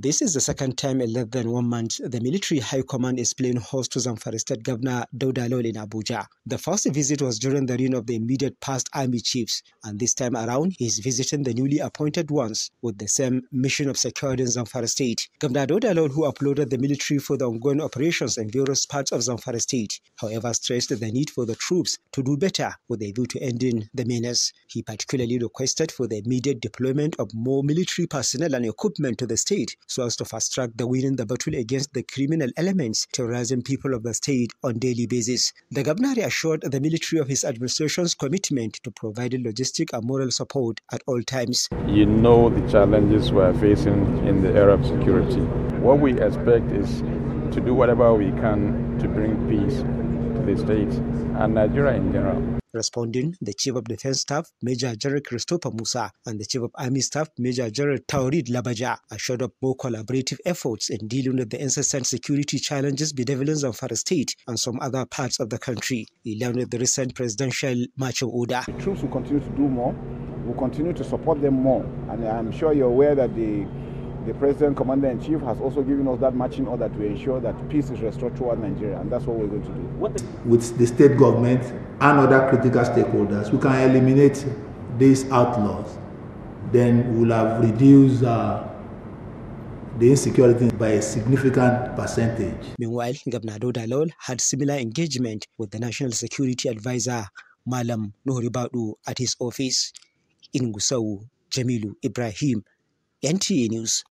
This is the second time in less than one month the military high command is playing host to Zamfara State Governor Dauda Lawal in Abuja. The first visit was during the reign of the immediate past army chiefs, and this time around he is visiting the newly appointed ones with the same mission of securing Zamfara State. Governor Dauda Lawal, who applauded the military for the ongoing operations in various parts of Zamfara State, however stressed the need for the troops to do better with a view to ending the menace. He particularly requested for the immediate deployment of more military personnel and equipment to the state so as to fast track the winning the battle against the criminal elements terrorizing people of the state on daily basis. The governor assured the military of his administration's commitment to providing logistic and moral support at all times. You know the challenges we are facing in the area of security. What we expect is to do whatever we can to bring peace to the state and Nigeria in general. Responding, the Chief of Defense Staff, Major General Christopher Musa, and the Chief of Army Staff, Major General Taurid Labaja, assured of more collaborative efforts in dealing with the incessant security challenges bedeviling Zamfara State and some other parts of the country, He line with the recent presidential march of order. The troops will continue to do more, will continue to support them more, and I'm sure you're aware that the the President, Commander in Chief, has also given us that marching order to ensure that peace is restored throughout Nigeria, and that's what we're going to do. With the state government and other critical stakeholders, we can eliminate these outlaws. Then we'll have reduced. Uh, the insecurity by a significant percentage. Meanwhile, Governor Doda had similar engagement with the National Security Advisor, Malam Nuhribadu, at his office in Gusau, Jamilu Ibrahim, NTA News.